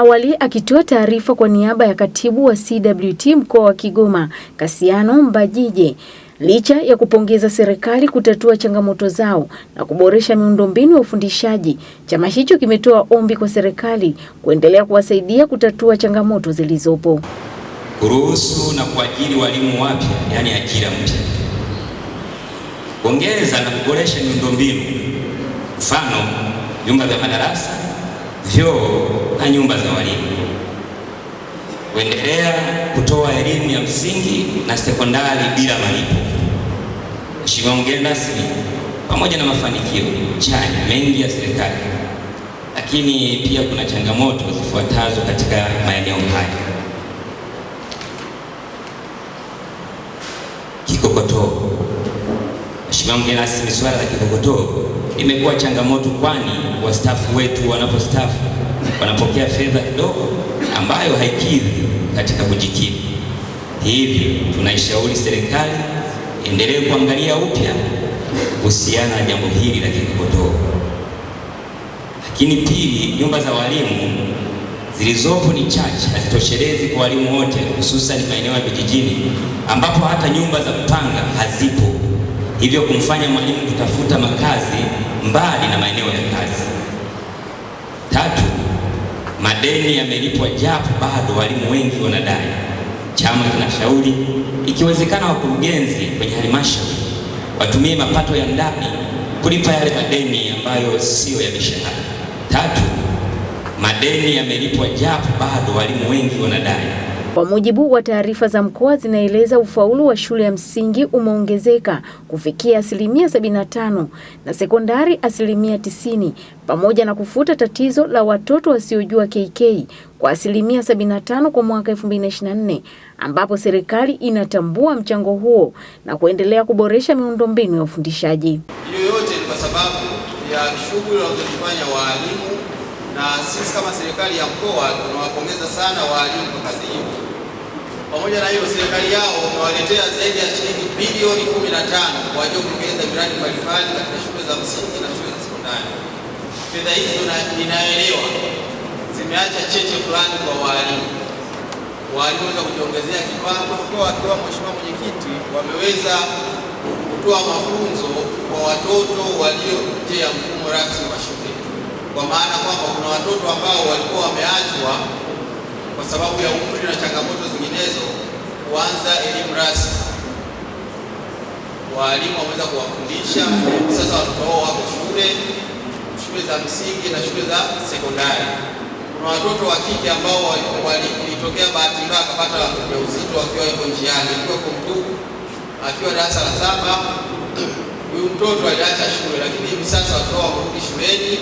Awali akitoa taarifa kwa niaba ya katibu wa CWT mkoa wa Kigoma, Kasiano Mbajije, licha ya kupongeza serikali kutatua changamoto zao na kuboresha miundombinu ya ufundishaji, chama hicho kimetoa ombi kwa serikali kuendelea kuwasaidia kutatua changamoto zilizopo, kuruhusu na kuajiri walimu wapya, yani ajira mpya, kuongeza na kuboresha miundombinu, mfano vyumba vya madarasa, vyoo na nyumba za walimu, kuendelea kutoa elimu ya msingi na sekondari bila malipo. Mheshimiwa mgeni rasmi, pamoja na mafanikio chanya mengi ya serikali, lakini pia kuna changamoto zifuatazo katika maeneo haya: kikokotoo. Mheshimiwa mgeni rasmi, swala la kikokotoo imekuwa changamoto, kwani wastaafu wetu wanapostaafu wanapokea fedha kidogo ambayo haikidhi katika kujikimu. Hivyo tunaishauri serikali endelee kuangalia upya kuhusiana na jambo hili la kikokotoo. Lakini pili, nyumba za walimu zilizopo ni chache, hazitoshelezi kwa walimu wote, hususan maeneo ya vijijini ambapo hata nyumba za kupanga hazipo, hivyo kumfanya mwalimu kutafuta makazi mbali na maeneo ya kazi. Tatu, madeni yamelipwa, japo bado walimu wengi wanadai. Chama kinashauri ikiwezekana, wakurugenzi kwenye halmashauri watumie mapato ya ndani kulipa yale madeni ambayo siyo ya mishahara. Tatu, madeni yamelipwa, japo bado walimu wengi wanadai. Kwa mujibu wa taarifa za mkoa zinaeleza ufaulu wa shule ya msingi umeongezeka kufikia asilimia 75 na sekondari asilimia 90 pamoja na kufuta tatizo la watoto wasiojua KK kwa asilimia 75 kwa mwaka 2024 ambapo serikali inatambua mchango huo na kuendelea kuboresha miundombinu ya ufundishaji. Hiyo yote ni kwa sababu ya shughuli wanazofanya walimu na sisi kama serikali ya mkoa tunawapongeza sana walimu kwa kazi hiyo. Pamoja na hiyo, serikali yao imewaletea zaidi ya shilingi bilioni 15 kwa ajili ya kutekeleza miradi mbalimbali katika shule za msingi na shule za sekondari. Fedha hizo inaelewa zimeacha cheche fulani kwa walimu, walimu kujiongezea kipato kwa wakiwa Mheshimiwa Mwenyekiti, wameweza kutoa mafunzo kwa watoto walio nje ya mfumo rasmi wa shule, kwa maana kwamba kuna watoto ambao walikuwa wameachwa kwa sababu ya umri na changamoto zinginezo kuanza elimu rasmi. Waalimu wameweza kuwafundisha sasa, watoto wao wako shule shule za msingi na shule za sekondari. Kuna watoto wa kike ambao walitokea bahati mbaya wakapata ujauzito wakiwa yuko njiani, akiwa form akiwa darasa la saba huyu mtoto aliacha shule, lakini hivi sasa watoto wao wamerudi shuleni,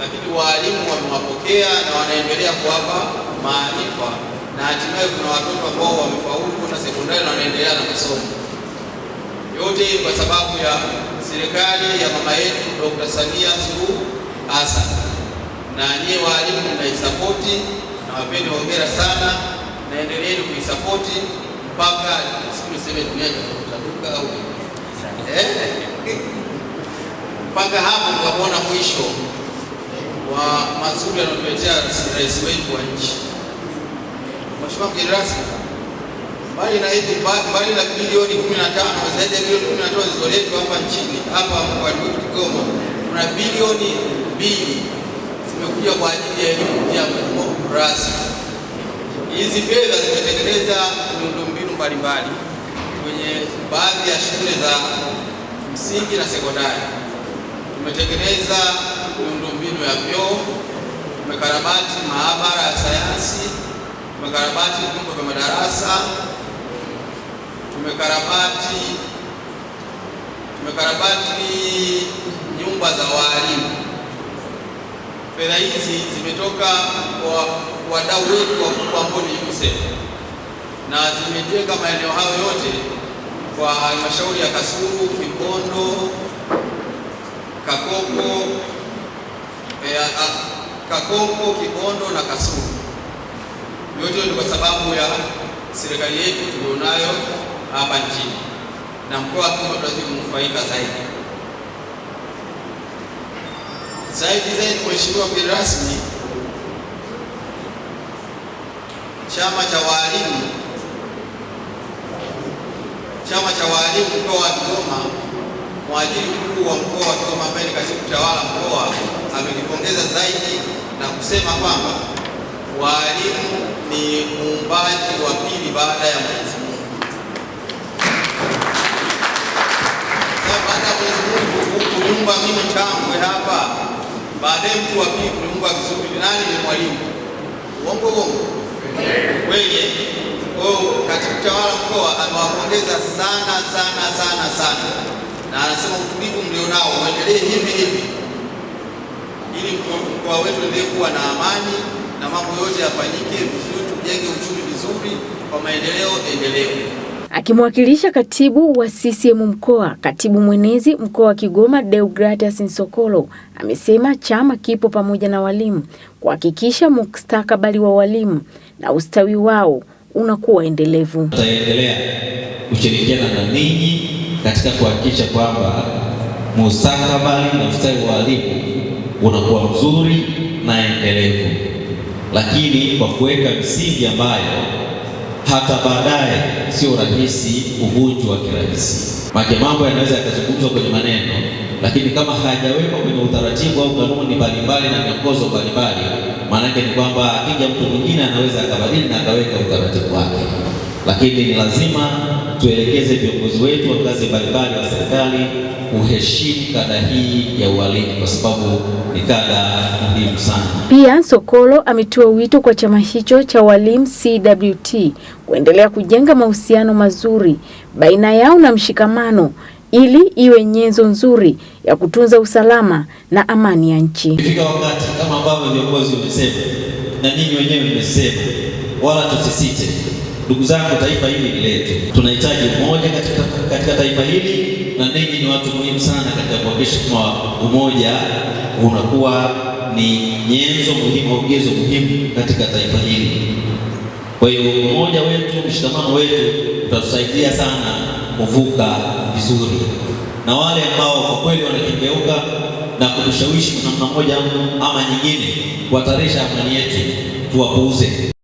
lakini waalimu wamewapokea na wanaendelea kuwapa maarifa, na hatimaye kuna watoto ambao wamefaulu na sekondari na wanaendelea na masomo. Yote hii kwa sababu ya serikali ya mama yetu Dr. Samia Suluhu Hassan. Na nyie walimu mnaisapoti, na wapende hongera sana, naendeleeni kuisapoti mpaka siku seme dunia au eh? mpaka hapo tukamwona mwisho wa mazuri yanayotuletea rais wetu wa nchi. Mheshimiwa mgeni rasmi, mbali na hivi, mbali na bilioni 15 na zaidi ya bilioni 15 zilizoletwa hapa nchini hapa kwa Kigoma, kuna bilioni mbili zimekuja kwa ajili ya elimu ya mfumo rasmi. Hizi fedha zinatengeneza miundombinu mbalimbali kwenye baadhi ya shule za msingi na sekondari, tumetengeneza elimu ya vyoo, tumekarabati maabara ya sayansi, tumekarabati vyumba vya madarasa, tumekarabati tumekarabati nyumba za walimu. Fedha hizi zimetoka kwa wadau wetu wakubwa ambao ni UNICEF na zimejenga maeneo hayo yote kwa halmashauri ya Kasulu, Kibondo, kakoko Mbeya, eh, ah, ah, Kakongo, Kibondo na Kasulu. Yote ni kwa sababu ya serikali yetu tulionayo hapa nchini, na mkoa wa Kigoma tunazidi kunufaika zaidi zaidi zaidi. Mheshimiwa mgeni rasmi, chama cha walimu chama cha walimu mkoa wa Kigoma, mwajiri mkuu wa mkoa wa Kigoma ambaye ni katibu tawala mkoa amenipongeza zaidi na kusema kwamba walimu ni muumbaji wa pili baada ya Mwenyezi Mungu. Sasa baada ya Mwenyezi Mungu kuumba mimi Changwe hapa, baadaye mtu wa pili kuniumba vizuri nani? Ni mwalimu. Uongo uongo kweli? Oh, Katibu tawala mkoa amewapongeza sana sana sana sana, na anasema utulivu mlionao uendelee hivi hivi mkoa wetu endelee kuwa na amani na mambo yote yafanyike vizuri, tujenge uchumi vizuri kwa maendeleo endelevu. Akimwakilisha katibu wa CCM mkoa, katibu mwenezi mkoa wa Kigoma Deogratias Nsokolo amesema chama kipo pamoja na walimu kuhakikisha mustakabali wa walimu na ustawi wao unakuwa endelevu. Tutaendelea kushirikiana na ninyi katika kuhakikisha kwamba mustakabali na ustawi wa walimu unakuwa mzuri na endelevu, lakini kwa kuweka msingi ambayo hata baadaye sio rahisi kuvunjwa kirahisi. Maana mambo yanaweza yakazungumzwa kwenye maneno, lakini kama hayajawekwa kwenye utaratibu au kanuni mbalimbali na miongozo mbalimbali, maanake ni kwamba akija mtu mwingine anaweza akabadili na akaweka utaratibu wake lakini ni lazima tuelekeze viongozi wetu wa ngazi mbalimbali wa serikali kuheshimu kada hii ya ualimu kwa sababu ni kada muhimu sana. Pia Sokolo ametoa wito kwa chama hicho cha walimu CWT kuendelea kujenga mahusiano mazuri baina yao na mshikamano ili iwe nyenzo nzuri ya kutunza usalama na amani ya nchi. Ifika wakati kama ambavyo viongozi wamesema na ninyi wenyewe mmesema, wala tusisite Ndugu zangu, taifa hili ni letu, tunahitaji umoja katika, katika taifa hili, na ninyi ni watu muhimu sana katika kuhakikisha kwamba umoja unakuwa ni nyenzo muhimu au ugezo muhimu katika taifa hili. Kwa hiyo umoja wetu, mshikamano wetu utatusaidia sana kuvuka vizuri, na wale ambao kwa kweli wanakengeuka na kutushawishi kwa namna moja ama nyingine kuhatarisha amani yetu tuwapuuze.